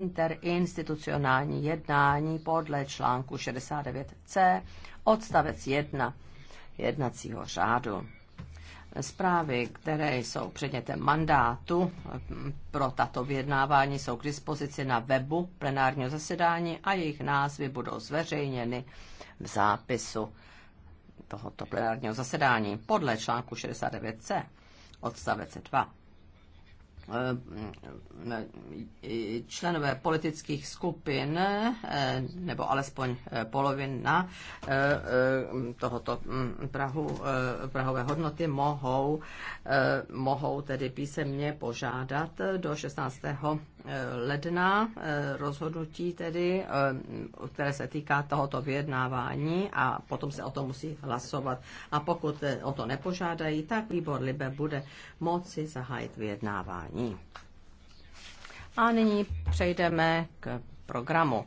interinstitucionální jednání podle článku 69c odstavec 1 jednacího řádu. Zprávy, které jsou předmětem mandátu pro tato vyjednávání, jsou k dispozici na webu plenárního zasedání a jejich názvy budou zveřejněny v zápisu tohoto plenárního zasedání podle článku 69c odstavec 2. Eh, eh, členové politických skupin, eh, nebo alespoň polovina tohoto mm, Prahu, Prahové hodnoty mohou, mohou tedy písemně požádat do 16. ledna rozhodnutí tedy, které se týká tohoto vyjednávání a potom se o to musí hlasovat. A pokud o to nepožádají, tak výbor Libe bude moci zahájit vyjednávání. A nyní přejdeme k programu.